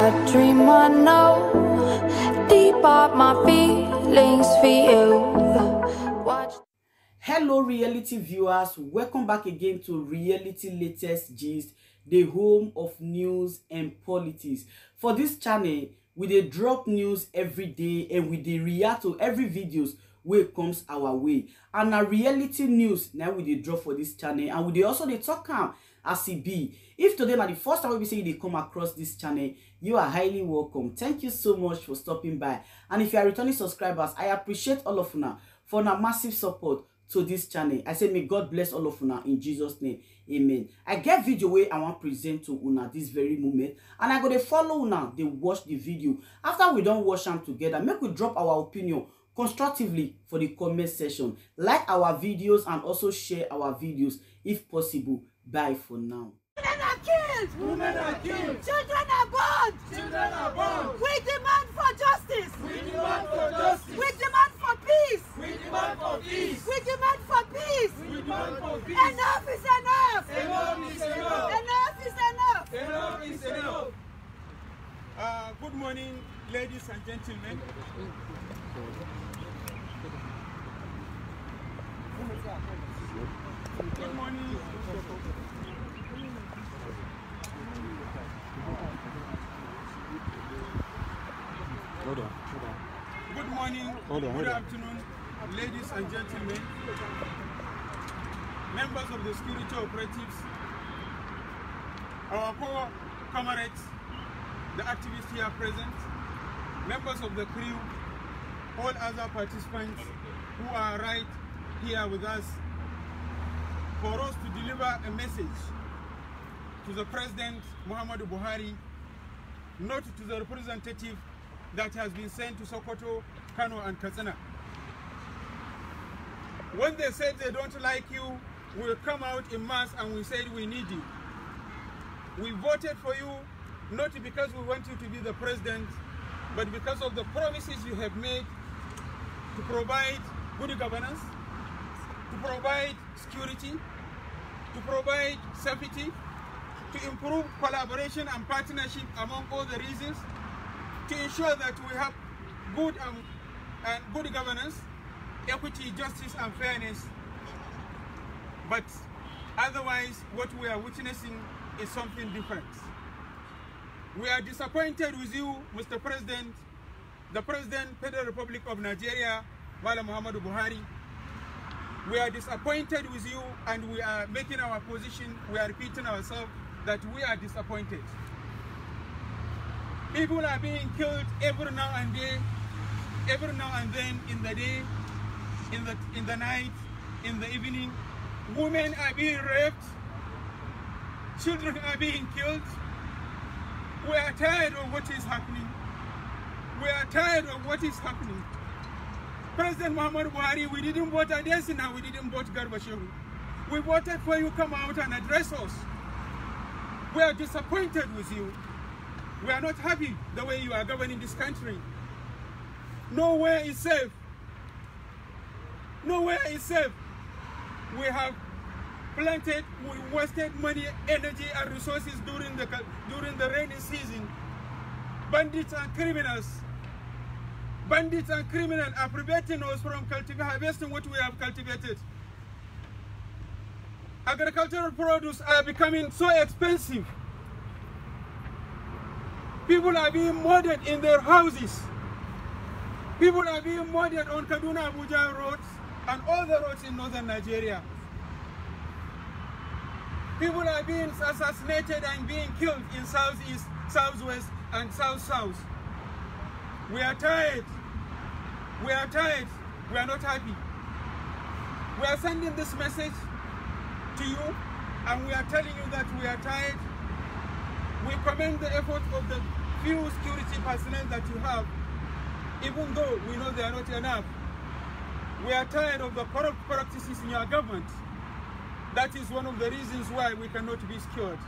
A dream I know, deep up my feelings for you. Watch. Hello, reality viewers. Welcome back again to Reality Latest Gist, the home of news and politics. For this channel, we dey drop news every day and we dey react to every videos wey comes our way and na reality news Now we dey drop for this channel and we dey also dey talk am as e be If today na the first time we see you dey come across this channel, you are highly welcome. Thank you so much for stopping by. And if you are returning subscribers, I appreciate all of una for una massive support to this channel. I say may God bless all of una in Jesus name. Amen. I get video wey I wan present to una this very moment and I go dey follow una they watch the video. After we don't watch them together, make we drop our opinion constructively for the comment section. Like our videos and also share our videos if possible. Bye for now. Women are killed. Women are killed. Children are born. Children are born. We demand Good morning, hold on, hold good on. afternoon, ladies and gentlemen, members of the security operatives, our poor comrades, the activists here present, members of the crew, all other participants who are right here with us for us to deliver a message to the President Muhammadu Buhari, not to the representative that has been sent to Sokoto, Kano, and Katsina. When they said they don't like you, we'll come out in mass and we said we need you. We voted for you not because we want you to be the president, but because of the promises you have made to provide good governance, to provide security, to provide safety, to improve collaboration and partnership among all the reasons to ensure that we have good and, um, and good governance, equity, justice, and fairness. But otherwise, what we are witnessing is something different. We are disappointed with you, Mr. President, the President, Federal Republic of Nigeria, Mala Muhammadu Buhari. We are disappointed with you and we are making our position, we are repeating ourselves that we are disappointed. People are being killed every now and then, every now and then in the day, in the in the night, in the evening. Women are being raped. Children are being killed. We are tired of what is happening. We are tired of what is happening. President Muhammad Buhari, we didn't vote Adesina, we didn't vote Garbashev. We voted for you come out and address us. We are disappointed with you. We are not happy the way you are governing this country. Nowhere is safe. Nowhere is safe. We have planted, we wasted money, energy, and resources during the, during the rainy season. Bandits and criminals, bandits and criminals are preventing us from harvesting what we have cultivated. Agricultural produce are becoming so expensive People are being murdered in their houses. People are being murdered on Kaduna Abuja roads and all the roads in northern Nigeria. People are being assassinated and being killed in southeast, southwest, and south-south. We are tired. We are tired. We are not happy. We are sending this message to you and we are telling you that we are tired. We commend the efforts of the few security personnel that you have, even though we know they are not enough, we are tired of the corrupt practices in your government. That is one of the reasons why we cannot be secured.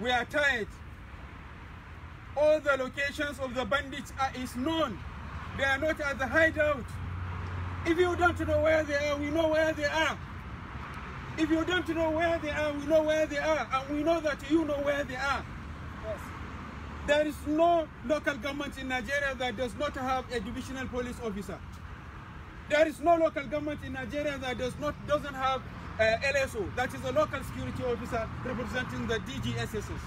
We are tired. All the locations of the bandits are, is known. They are not at the hideout. If you don't know where they are, we know where they are. If you don't know where they are, we know where they are. And we know that you know where they are. There is no local government in Nigeria that does not have a divisional police officer. There is no local government in Nigeria that does not, doesn't have uh, LSO, that is a local security officer representing the DGSSs.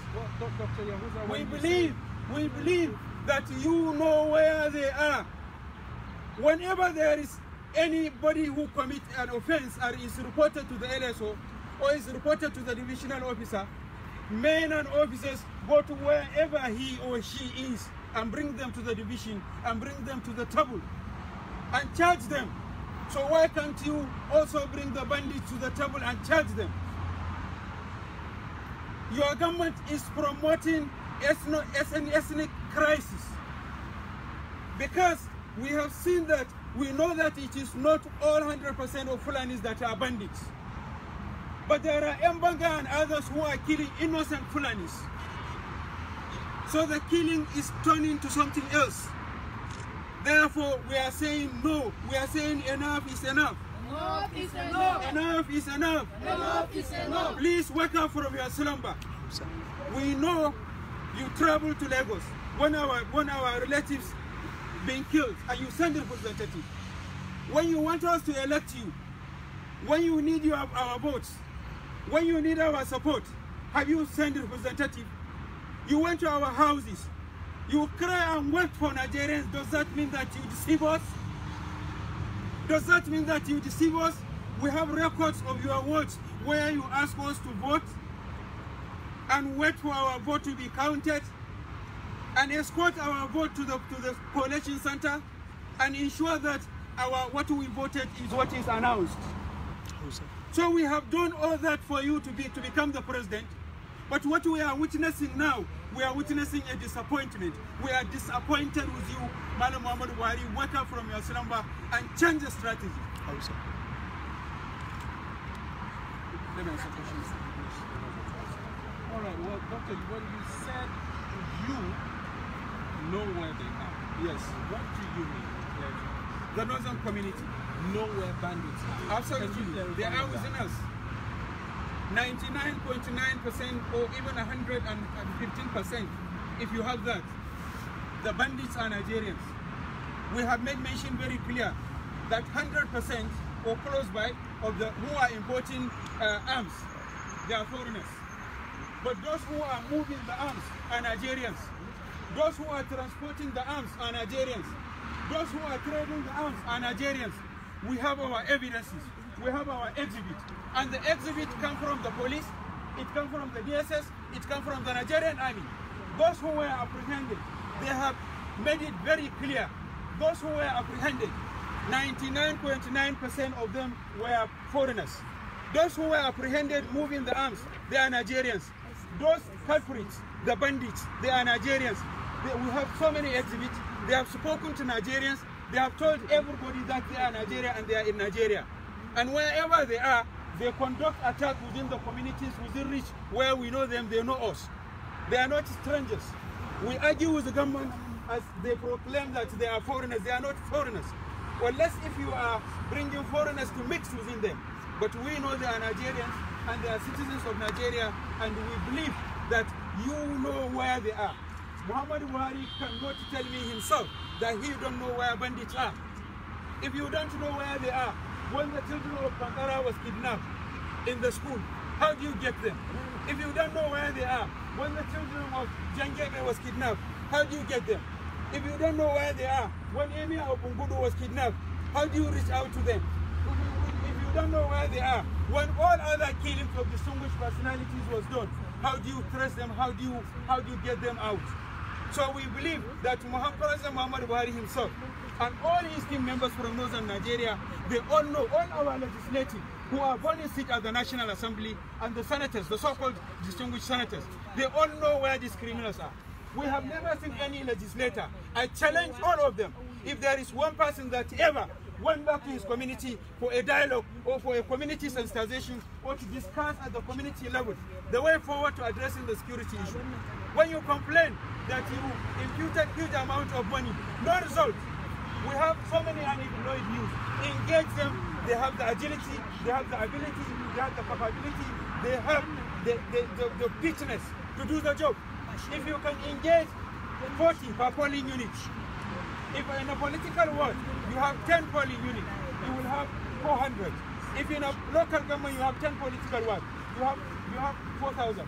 we believe, we believe that you know where they are. Whenever there is anybody who commits an offense and is reported to the LSO or is reported to the divisional officer, men and officers go to wherever he or she is and bring them to the division and bring them to the table and charge them. So why can't you also bring the bandits to the table and charge them? Your government is promoting ethno, ethnic, ethnic crisis because we have seen that we know that it is not all 100% of Fulanis that are bandits. But there are Mbanga and others who are killing innocent Fulanis. So the killing is turning to something else. Therefore, we are saying no. We are saying enough is enough. Enough is enough. Enough is enough. Enough is enough. Please wake up from your slumber. We know you travel to Lagos when our when our relatives being killed and you send a representative. When you want us to elect you, when you need your, our votes, when you need our support, have you sent a representative you went to our houses. You cry and wait for Nigerians. Does that mean that you deceive us? Does that mean that you deceive us? We have records of your words where you ask us to vote and wait for our vote to be counted and escort our vote to the to the collection center and ensure that our what we voted is what is announced. so we have done all that for you to be to become the president. But what we are witnessing now, we are witnessing a disappointment. We are disappointed with you, Madam Muhammad Wari, Wake up from your slumber and change the strategy. Also. Let me ask a question. All right, well, Doctor, when you said you know where they are, yes, what do you mean? The northern community. Know where bandits are. Absolutely. They are within us. 99.9% or even 115% if you have that. The bandits are Nigerians. We have made mention very clear that 100% or close by of the who are importing uh, arms, they are foreigners. But those who are moving the arms are Nigerians. Those who are transporting the arms are Nigerians. Those who are trading the arms are Nigerians. We have our evidences we have our exhibit. And the exhibit come from the police, it come from the DSS, it come from the Nigerian army. Those who were apprehended, they have made it very clear. Those who were apprehended, 99.9% of them were foreigners. Those who were apprehended moving the arms, they are Nigerians. Those culprits, the bandits, they are Nigerians. They, we have so many exhibits. They have spoken to Nigerians. They have told everybody that they are Nigeria and they are in Nigeria. And wherever they are, they conduct attack within the communities, within reach, where we know them, they know us. They are not strangers. We argue with the government as they proclaim that they are foreigners. They are not foreigners. Unless if you are bringing foreigners to mix within them. But we know they are Nigerians and they are citizens of Nigeria and we believe that you know where they are. Muhammad Buhari cannot tell me himself that he don't know where bandits are. If you don't know where they are, when the children of Bakara was kidnapped in the school, how do you get them? If you don't know where they are, when the children of Jangebe was kidnapped, how do you get them? If you don't know where they are, when Emir of Bungudu was kidnapped, how do you reach out to them? If you don't know where they are, when all other killings of distinguished personalities was done, how do you trace them? How do you, how do you get them out? So we believe that Muhammad, President Muhammad Buhari himself and all his team members from northern Nigeria, they all know, all our legislative who are voting seat at the National Assembly and the senators, the so-called distinguished senators, they all know where these criminals are. We have never seen any legislator. I challenge all of them. If there is one person that ever went back to his community for a dialogue or for a community sensitization or to discuss at the community level the way forward to addressing the security issue. When you complain that you imputed huge amount of money, no result. We have so many unemployed youth. Engage them. They have the agility, they have the ability, they have the capability, they have the, the, the, the fitness to do the job. If you can engage 40 per polling unit, if in a political world you have 10 poly units, you will have 400. If in a local government you have 10 political ones, you have, you have 4,000.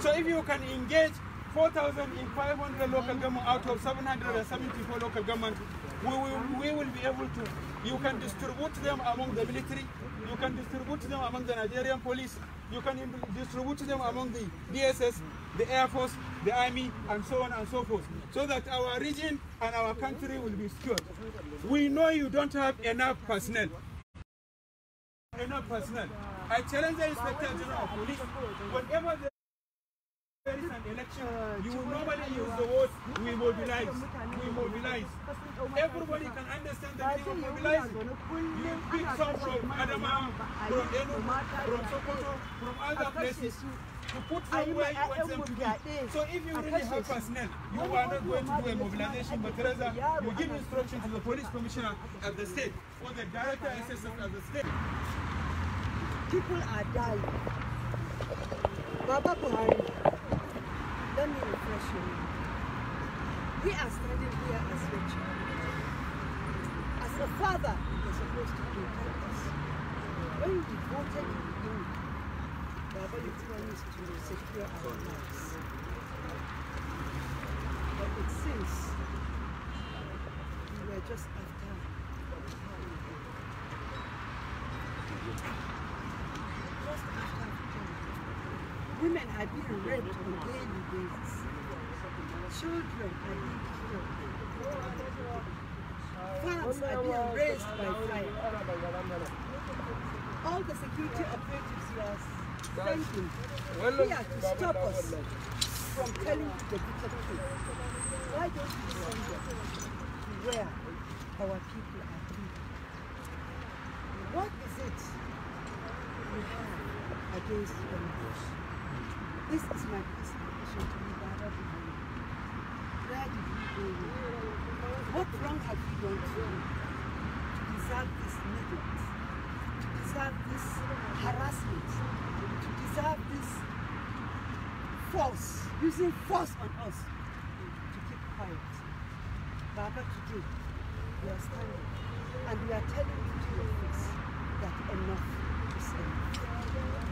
So if you can engage 4,000 in 500 local government out of 774 local government, we will, we will be able to, you can distribute them among the military, you can distribute them among the Nigerian police, you can distribute them among the DSS, the Air Force, the Army, and so on and so forth, so that our region and our country will be secured. We know you don't have enough personnel. Enough personnel. I challenge the Inspector General of Police, whatever an election, you will normally use the word we mobilize. We mobilize. Everybody can understand the meaning of mobilize. You pick some from Adama, from Enugu, from Sokoto, from other places. You put from where you eh, want them to be. Eh. So if you really have personnel, you are not going to do a mobilization, but rather you give eh. instructions to the police commissioner at the state or the director assistant at the state. People are dying. Baba Buhari let me refresh you. We are standing here as your children. As a father, you're supposed to protect us. When you devoted you, Baba, you promised to secure our lives. But it seems you were just after how we Women are being raped on a daily basis. Children are being killed. Farms are being raised by fire. All the security operatives you are sending here to stop us from telling the bitter truth. Why don't you send them where our people are What is it we have against them? This is my participation to be gathered behind you. Where did you go What wrong have you done to me? To deserve this neglect, to deserve this harassment, to deserve this force, using force on us to keep quiet. Baba, today we are standing and we are telling you to your face that enough is enough.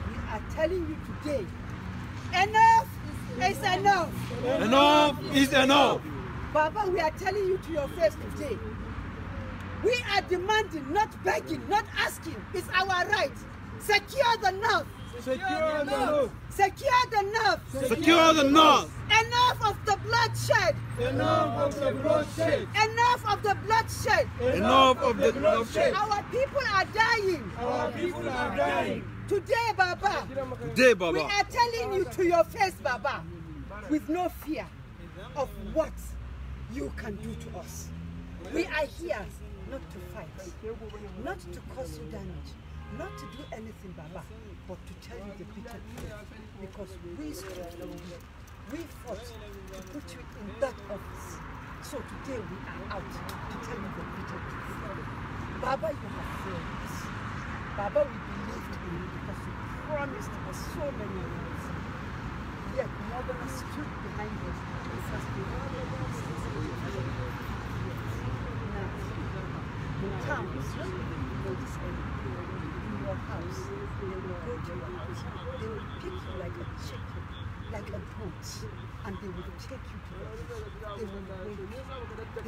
We are telling you today Enough is enough. Enough is enough. Baba, we are telling you to your face today. We are demanding, not begging, not asking. It's our right. Secure the north. Secure the north. Secure the north. Secure the north. Enough of the bloodshed. Enough of the bloodshed. Enough of the bloodshed. Enough of the bloodshed. Our people are dying. Our people are dying. Today, Baba. Today, Baba. We are telling you to your face, Baba, with no fear of what you can do to us. We are here not to fight, not to cause you damage, not to do anything, Baba, but to tell you the bitter truth. Because we stood for you. We fought to put you in that office. So today we are out to tell you the bitter truth. Baba, you have failed us. Baba, we believed in me because you promised us so many years. Yet no one stood behind us. It has been all the years since Now, in towns, in your house, they will go to your house, they will pick you like a chicken, like a goat, and they will take you to the They will they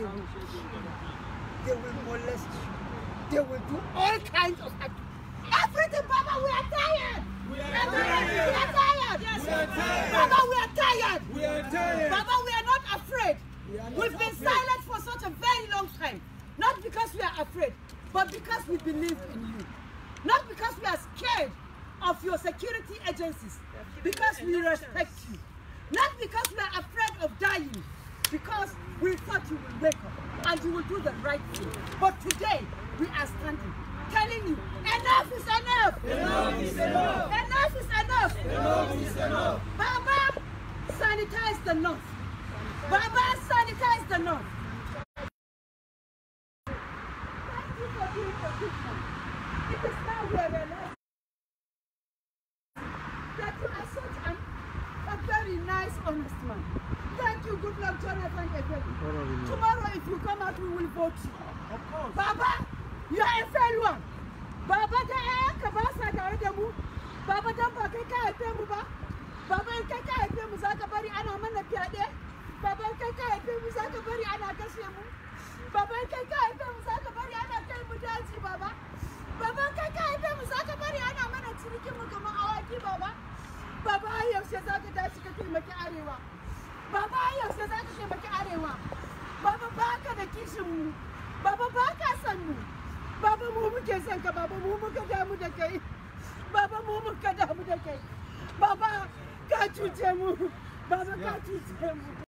will kill you, they will molest you, they will do all kinds of activities everything, Baba. We are tired. We are tired. Yes, we are tired. Baba, we are tired. We are tired. Baba, we are not afraid. We are not We've been afraid. silent for such a very long time. Not because we are afraid, but because we believe in you. Not because we are scared of your security agencies, because we respect you. Not because we are afraid of dying, because we thought you would wake up and you will do the right thing. But today, we are standing telling you, enough is enough. Enough is enough. Enough is enough. Enough is enough. Baba, sanitize the north. Baba, sanitize the north. Thank you for being the It is now we are realizing that you are such a very nice, honest man. Thank you, good luck, Jonathan Tomorrow, if you come out, we will vote you. Of course. Baba, You are a Baba da ƴaƴanka ba sa tare da mu. Baba dan ba kai ka haife mu ba. Baba in kai ka haife mu za ka bari ana mana fyaɗe. Baba in kai ka haife mu za ka bari ana kashe mu. Baba in kai ka haife mu za ka bari ana kai mu daji baba. Baba in kai ka haife mu za ka bari ana mana cinikin mu kamar awaki baba. Baba har yaushe za ka tashi ka taimaki arewa. Baba har yaushe za ka taimaki arewa. Baba ba ka da kishin mu. Baba ba ka san mu. baba mu muke son ka baba mu muka damu da kai baba mu muka damu da kai baba ka cuce mu baba ka cuce mu